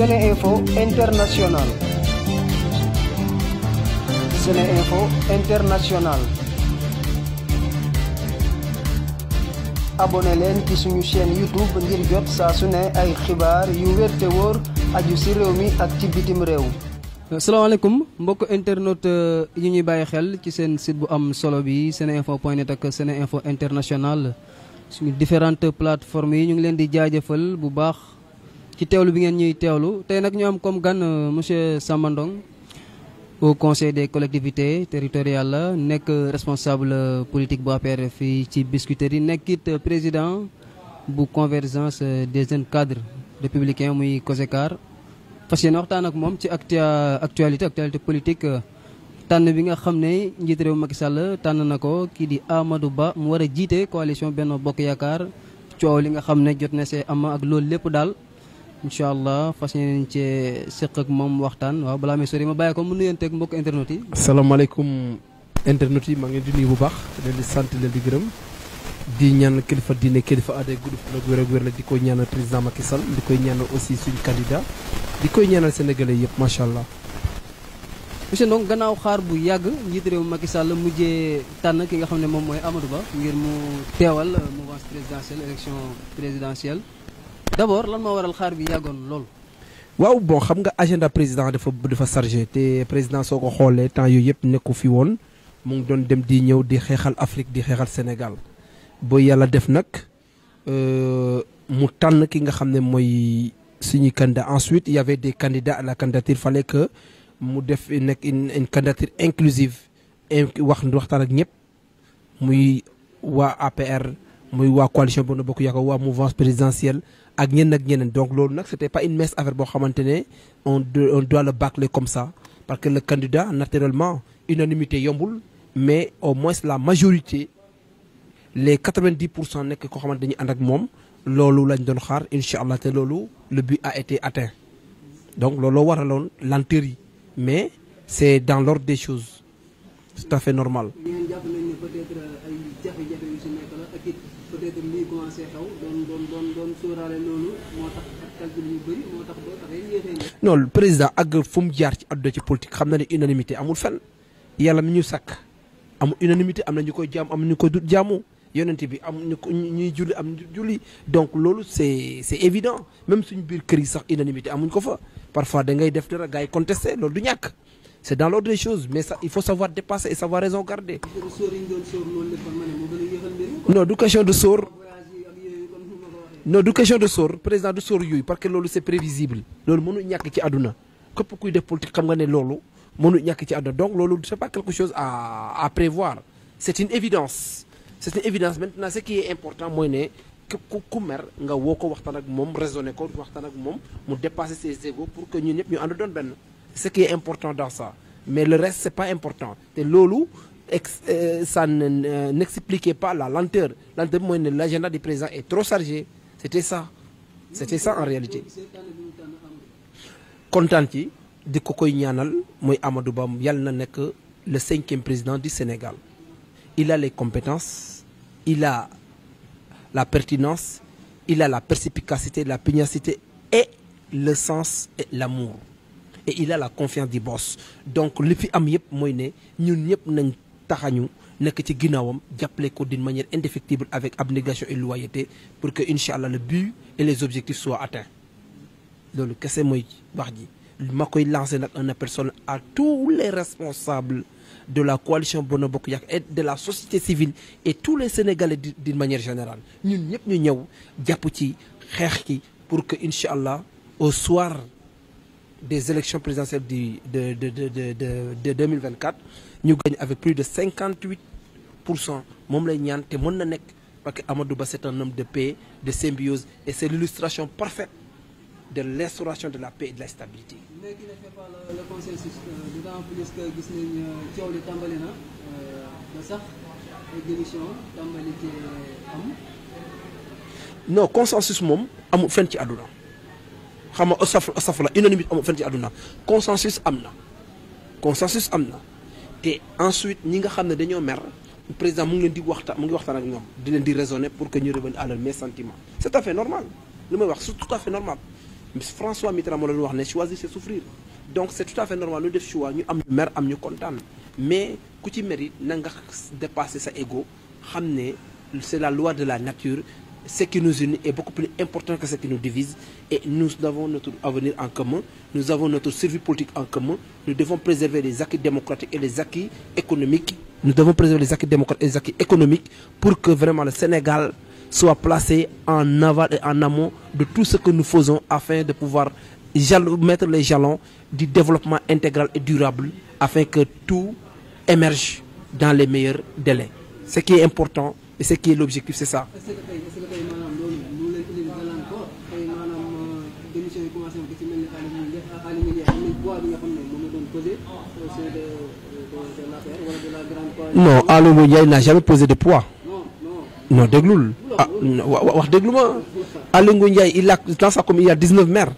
Seneinfo International Seneinfo International leen ci suñu chaîne YouTube ngir jot saa su ne ay xibaar yu wér te wóor aju ci réew mi ak ci bitim réew salaamaaleykum mbokk internet yi ñuy bàyyi xel ci seen sit bu am solo bi seneinfo point net ak seneinfo international suñu différentes plateformes yi ñu ngi leen di jaajëfal bu baax ci teewlu bi ngeen ñuy teewlu tey nag ñu am comme gann euh, monsieur Samba Ndong au conseil des collectivités territoriales la nekk responsable politique bu APR fii ci Biscuiterie yi nekkit président bu convergence des jeunes cadres républicains muy COSECAR fas yéene waxtaan ak moom ci actualité actualité politique tànn bi nga xam ne njiit réew Macky Sall tànn na ko kii di Amadou Ba mu war a jiite coalition Benno Bokk Yaakaar coow li nga xam ne jot na se am ak loolu lépp daal incha allah fas yéeneen ce seq ak moom waxtaan waaw balaa may sori ma bàyyi ko mu nuyonteeg mbokk internet yi. asalaamaaleykum internet yi maa ngi leen di nuyu bu baax leen di sant leen di gërëm di ñaan kilifa diine kilifa aada gudd la wér ak wér la di koy ñaanal président Macky Sall di koy ñaanal aussi suñu candidat di koy ñaanal sénégalais yëpp macha allah. monsieur Ndong gannaaw xaar bu yàgg njiit réew Macky Sall mujjee tànn ki nga xam ne moom mooy Amadou ngir mu teewal mouvance d'abord lan moo waral xaar bi yàggoon loolu. waaw bon xam nga agenda président dafa dafa chargé te président soo ko xoolee temps yooyu yëpp nekku fi woon mu ngi doon dem di ñëw di xeexal Afrique di xeexal Sénégal boo yàlla def nag euh, mu tànn ki nga xam ne mooy suñuy candidat ensuite il y avait des candidats la candidature fallait que mu def nekk une une candidature inclusive wax waxtaan ak ñëpp muy waa APR muy waa coalition Benno Bokk Yaakaar waa mouvance présidentielle ak ñenn ak ñeneen donc loolu nag c' était pas une mince affaire boo xamante ne on on doit le bâcler comme ça parce que le candidat naturellement unanimité yombul mais au moins la majorité les 90 pour cent nekk koo xamante ni ànd ak moom loolu lañ doon xaar incha allah te loolu le but a été atteint donc looloo waraloon lenteur yi mais c' est dans l'ordre des choses tout à fait normal. noonu président ak fu jaar ci àdduna ci politique xam na ne unanimité amul fenn yàlla mi ñu sàkk amul unanimité am na ñu koy jàmm am ñu koy jàmmu jaamu yonent bi am ñu ko ñuy julli am ñu julli donc loolu c'est c'est évident même suñu biir kër yi sax unanimité amuñ ko fa parfois da ngay def dara gars yi contesté loolu du ñàkk. c'est dans l'ordre des choses mais ça, il faut savoir dépasser et savoir raison garder. non du question de sóor. non du question de sóor président du sóor yooyu parce que loolu c'est prévisible. loolu mënu ñàkk ci àdduna képp kuy def politique xam nga ne loolu mënu ñàkk ci àdduna donc loolu c'est pas quelque chose à à prévoir c'est une évidence. c'est une évidence maintenant ce qui est important mooy ne ku ku mer nga woo ko waxtaan ak moom raisonné ko waxtaan ak moom mu dépasser ses pour que ñun ñëpp ñu ànd doon benn. ce qui est important dans ça mais le reste c'est pas important te loolu ex euh, ça euh, n'expliquait pas la lenteur lenteur bi mooy ne l'agenda du président est trop chargé c'était ça c'était ça en réalité kontaan ci di ko koy ñaanal mooy Amadou Ba yàlla na nekk le cinquième président du Sénégal il a les compétences il a la pertinence il a la perspicacité la pugnacité et le sens et l'amour et il a la confiance di boss donc li fi am yëpp mooy ne ñun ñëpp nañ taxañu nekk ci ginnaawam jàppale ko d'une manière indéfectible avec abnégation et loyauté pour que incha allah le but et les objectifs soient atteints loolu kese mooy wax ji ma koy lancé nag un appel solennel à tous les responsables de la coalition Benno Bokk Yaakaar et de la société civile et tous les sénégalais d'une manière générale ñun ñëpp ñu ñëw jàpp ci xeex ki pour que incha allah au soir des élections présidentielles du de de de de de de 2024 ñu gagne avec plus de 58 pour cent moom lay ñaan te mën na nekk parce que Amadou Ba c'est un homme de paix de symbiose et c'est l'illustration parfaite de l'instauration de la paix et de la stabilité. mais qui ne fait pas le, le consensus euh, d'autant plus que gis nañ euh, coow li tàmbali na euh, ba sax démission tàmbali ci am. non consensus moom amul fenn ci àdduna. xam nga astaf astaf la unanimité amul fenn ci àdduna consensus am na consensus am na te ensuite ñi nga xam ne dañoo mer président mu ngi leen di waxtaan mu ngi waxtaan ak ñoom di leen di raisonner pour que ñu revenir à leurs meilleurs sentiments c'est tout à fait normal li may wax c'est tout à fait normal François Mitterrand moo leen wax ne choisir c'est souffrir donc c'est tout à fait normal lu def choix ñu am ñu mer am ñu kontaan mais ku ci mérite na nga dépasser sa ego xam ne c'est la loi de la nature ce qui nous unit est beaucoup plus important que ce qui nous divise et nous avons notre avenir en commun, nous avons politique en commun, nous devons préserver les acquis démocratiques et les acquis économiques. Nous devons préserver les acquis démocratiques et les acquis économiques pour que vraiment le Sénégal soit placé en aval en amont de tout ce que nous faisons afin de pouvoir mettre les jalons du développement intégral et durable afin que tout émerge dans les meilleurs délais. et ce qui est l'objectif c'est ce que est-ce que lu euh, n'a jamais posé de poids. non non ah, wax déglu ma Aly Ngouille Ndiaye il a dans sa commune il y a 19 maires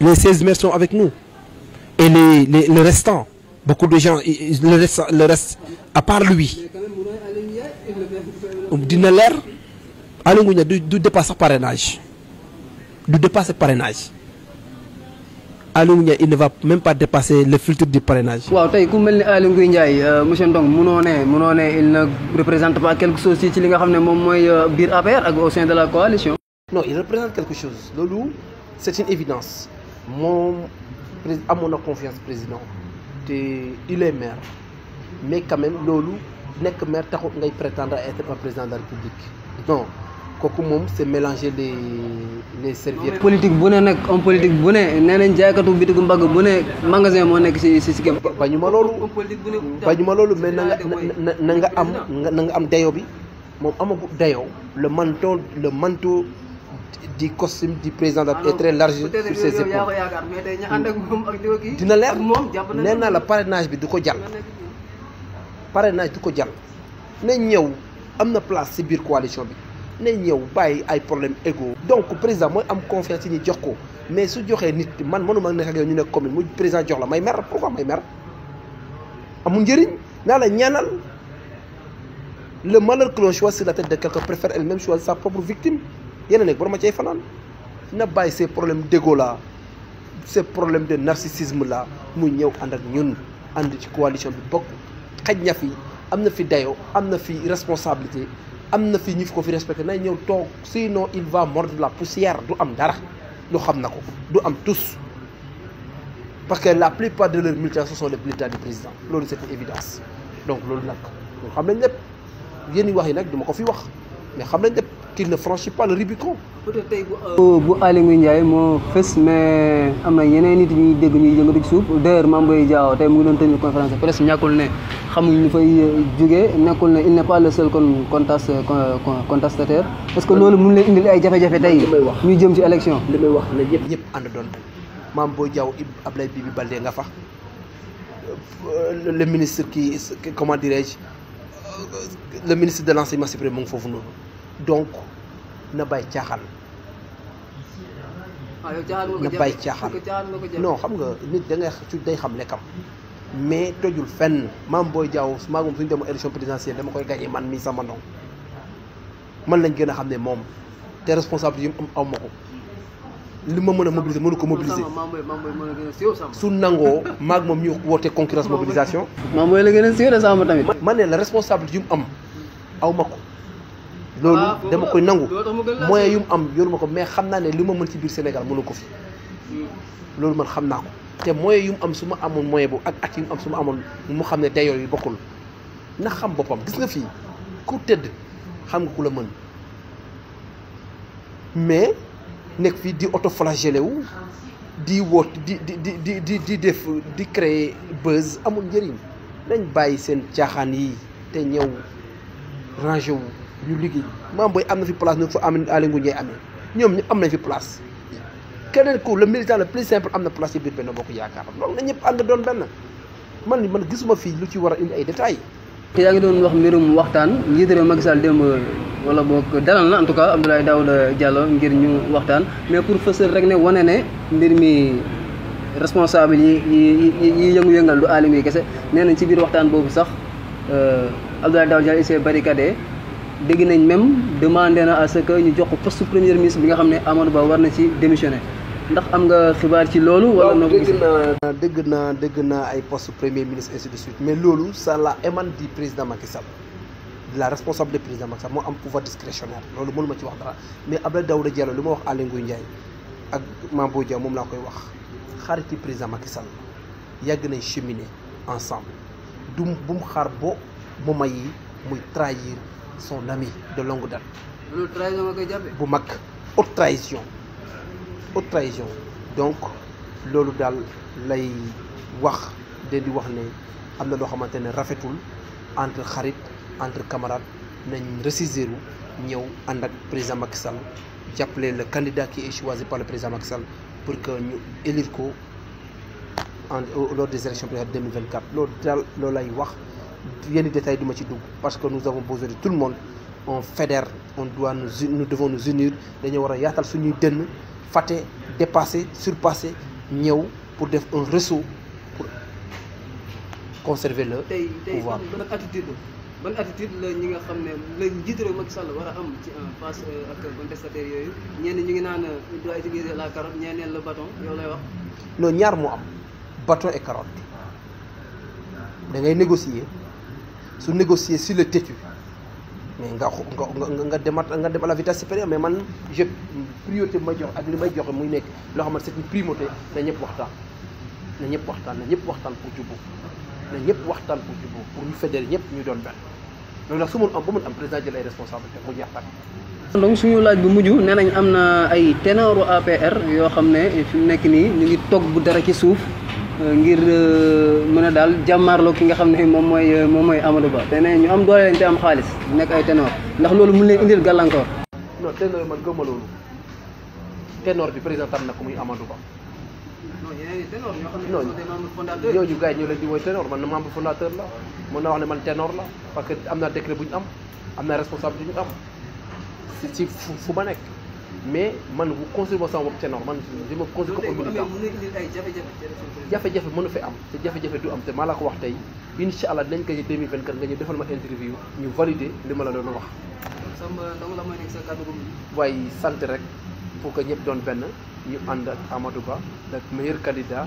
les 16 maires sont avec nous et le restant beaucoup de gens le reste à part lui. dina leer Aly Ngouille Ndiaye du du dépasser parrainage du dépasser parrainage Aly Ngouille Ndiaye il ne va même pas dépasser le filtre du parrainage. waaw tey ku mel ni Aly Ngouille Ndiaye euh, monsieur Ndong munoo ne munoo ne il ne représente pas quelque chose ci li nga xam ne moom mooy euh, biir APR ak au sein de la coalition. non il représente quelque chose loolu c' est une évidence moom amoon na confiance président te il est maire mais quand même loolu. nekk maire taxul ngay prétendre à être un président de république non kooku moom se mélanger les les serviettes. politique bu ne nag homme politique bu ne nee nañ jaaykatu bitigu mbagg bu ne magasin moo nekk si si si gem. bañu ma loolu bañu ma loolu mais na nga na nga am na nga am dayo bi moom amagu dayoo le manteau le manteau di costume du président ah est très large sur ses épaules dina leer nee naa la parrainage bi du ko jàll. pare naa du ko jàll nañ ñëw am na place si biir coalition bi nañ ñëw bàyyi ay problème égo donc président mooy am confiance ci ñi jox ko mais su joxee nit man mënuma nekk ak yow ñu ne commune mu président jox la may mer pourquoi may mer amul njëriñ naa la ñaanal le malheur que l'on choisit sur la tête de quelqu'un préfère elle-même choisir sa propre victime yéena nekk ma cay fanaan na bàyyi ces problème d'égo là ces problèmes de narcissisme la muy ñëw ànd ak ñun ànd ci coalition bi bokk xaj na fi am na fi dayo am na fi responsabilité am na fi ñu fi ko fi respecté nay ñëw toog sinon il va mordre la poussière du am dara lu xam na ko du am tous parce que la plupart de leurs militants ce sont les militants du président loolu c'est une évidence donc loolu nag xam nañ lépp yéen i wax yi nag duma ko fi wax mais xam nañ lépp qu'il ne franchit pas le Rubicon. peut euh, bu Aly Ngouille Ndiaye moo fës mais am na yeneen nit ñuy dégg ñuy yëngatu ci suuf d'ailleurs Mame Boye Diao tey mu ngi doon tenir conférence de presse ñàkkul ne xamuñ ñu fay euh, jugee nekkul ne il n'est pas le seul con contest euh, contestataire est que loolu mun lay indil ay jafe-jafe tey ñu jëm ci élection li may wax na ñëpp ñëpp ànd doon Mame Boye Diao Abdoulaye Bibi Baldé nga fa le ministre qui comment dirais-je le ministre de l'enseignement supérieur mu ngi foofu noonu donc na bàyyi caaxaan. na bàyyi caaxaan non xam nga nit da ngay su day xam lekkam mais tojul fenn maam booy jaaw maa ngi suñu demoo élection présidentielle dama koy gagné man mii sama ndong man lañ gën a xam ne moom te responsabilité yi ma ko li ma mën a mobiliser mënu ko mobiliser su nangoo maag moom ñu woote concurrence mobilisation. maam booy la gën a siiw de sama tamit. ma ne la responsabilité yi mu am aw ma ko. loolu ah, dama koy nangu moyen yu mu am yoru ma ko mais xam naa ne li ma mën ci biir Sénégal mënu ko fi hmm. loolu man xam naa ko te moyen yu mu am su ma amoon moyen bu ak at yu mu am su ma amoon mu xam ne dayoo yi bokkul na xam boppam gis nga fii ku tëdd xam nga ku la mën mais nekk fii di autoflagellé wu di woot di di di di di def di créer buzz amul njëriñ nañ bàyyi seen caaxaan yi te ñëw rangé wu ñu liggéey maam booy am na fi place ñu fa am Aly Ngouille Ndiaye amee ñoom ñu am place keneen ku le militant le plus na place ci biir benn bokk yaakaar loolu na ñëpp ànd doon benn man gisuma fii lu ci war a indi ay détails. yaa ngi doon wax mbirum waxtaan njiit réew Macky Sall démb wala boog dalal na en tout cas Abdoulaye Daouda ngir ñu waxtaan mais pour fësal rek ne wane ne mbir mi responsable yi yi yi yëngu-yëngal du Aly Ngouille kese nee nañ ci biir waxtaan boobu sax euh, Abdoulaye Daouda Diallo il s'est barricadé dégg nañ même demandé na à ce que ñu jox ko poste premier ministre bi nga xam ne amoon Ba war na ci démissionné ndax am nga xibaar ci loolu. wala noo dégg naa dégg na dégg naa ay post premier ministre ainsi mais loolu ça la émane du président Macky Sall la responsabilité du président Macky Sall moo am pouvoir discrétionnaire loolu mënu ma ci wax dara mais Abdoulaye Daouda Diallo lu ma wax Aly Ngouille Ndiaye ak Mame Boye Diao moom laa koy wax xariti président Macky Sall yàgg nañ cheminer ensemble du bu mu xaar bo moment yi muy trahir. son ami de longue date. loolu trahison nga bu mag haute trahison haute trahison donc loolu daal lay wax de di wax ne am na loo xamante ne rafetul entre xarit entre camarades nañ ressaisir ñëw ànd ak président Macky Sall jàppale le candidat qui est choisi par le président Macky pour que ñu élire ko en lors des élections présidentielles 2024 loolu daal loolu wax. yenn détails duma ci dugg parce que nous avons besoin de tout le monde on fédère on doit nous nous devons nous unir dañoo war a yaatal suñuy dënn fàtte dépasser surpasser ñëw pour def un réseau pour conserver la le pouvoir ban attitude la ñi nga xam ne la njiit réew Macky Sall war a am ci en euh, face euh, ak contestataires yooyu ñenn ñu ngi naan euh, il doit utiliser la carotte ñeneen la bâton yow lay wax. non ñaar moo am bâton et carotte da négocier. su négocier sur le têtu mais nga nga nga demat nga dem à la vitesse supérieure mais man je priorité bi may joxe ak li may joxe muy nekk loo xam ne c'est une primauté na ñëpp waxtaan na ñëpp waxtaan na ñëpp waxtaan pour jubbu na ñëpp waxtaan pour jubbu pour ñu fédérer ñëpp ñu doon benn loolu su mun am ba mun am président jël ay responsabilité mu jeex tàkk donc suñu mujj nee nañ am na ay ténoru APR yoo xam ne fi mu nekk nii ñu ngi toog bu dara ci suuf Euh, ngir euh, mën a daal jàmmaarloo ki nga xam ne moom mooy euh, moom mooy Amadou Ba te ne ñu am doole lañ te am xaalis nekk ay ténor ndax loolu mun leen indil gàllankoor. non ténor yi man bi président tam na ko muy Amadou Ba. non ñeneen ténor ñoo xam ne ñoo xam ne membre fondateur ñooñu gars yi ñu leen di woy ténor man membre fondateur la mën naa wax ne man ténor la parce que am naa décret bu ñu am am naa responsable bu ñu am si fu ma nekk. mais man bu construire ma sama bopp ca nor man je me construire comme un militant jafe-jafe mënu fi am te jafe-jafe du am te maa la ko wax tey incha allah dinañ ko ci 2024 nga ñu defal ma interview ñu validé li ma la doon wax waaye sant rek pour que ñëpp doon benn ñu ànd ak Amadou Ba le meilleur candidat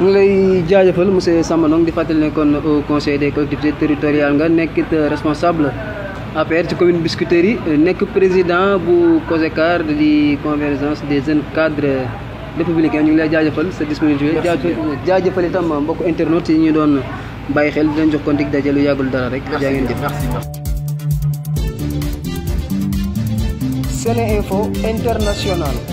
ñu ngi lay jaajëfal monsieur Samba di fàttali ne kon au conseil des collectivités territoriales nga nekkit euh, responsable APR ci commune yi euh, nekk président bu COSECAR di convergence des jeunes cadres républicains ñu ngi lay jaajëfal sa disponibilité. jaajëfal itam mbokk internautes yi ñu doon bàyyi xel di leen jox kon dig lu yàggul dara rek. jaa ngeen jëf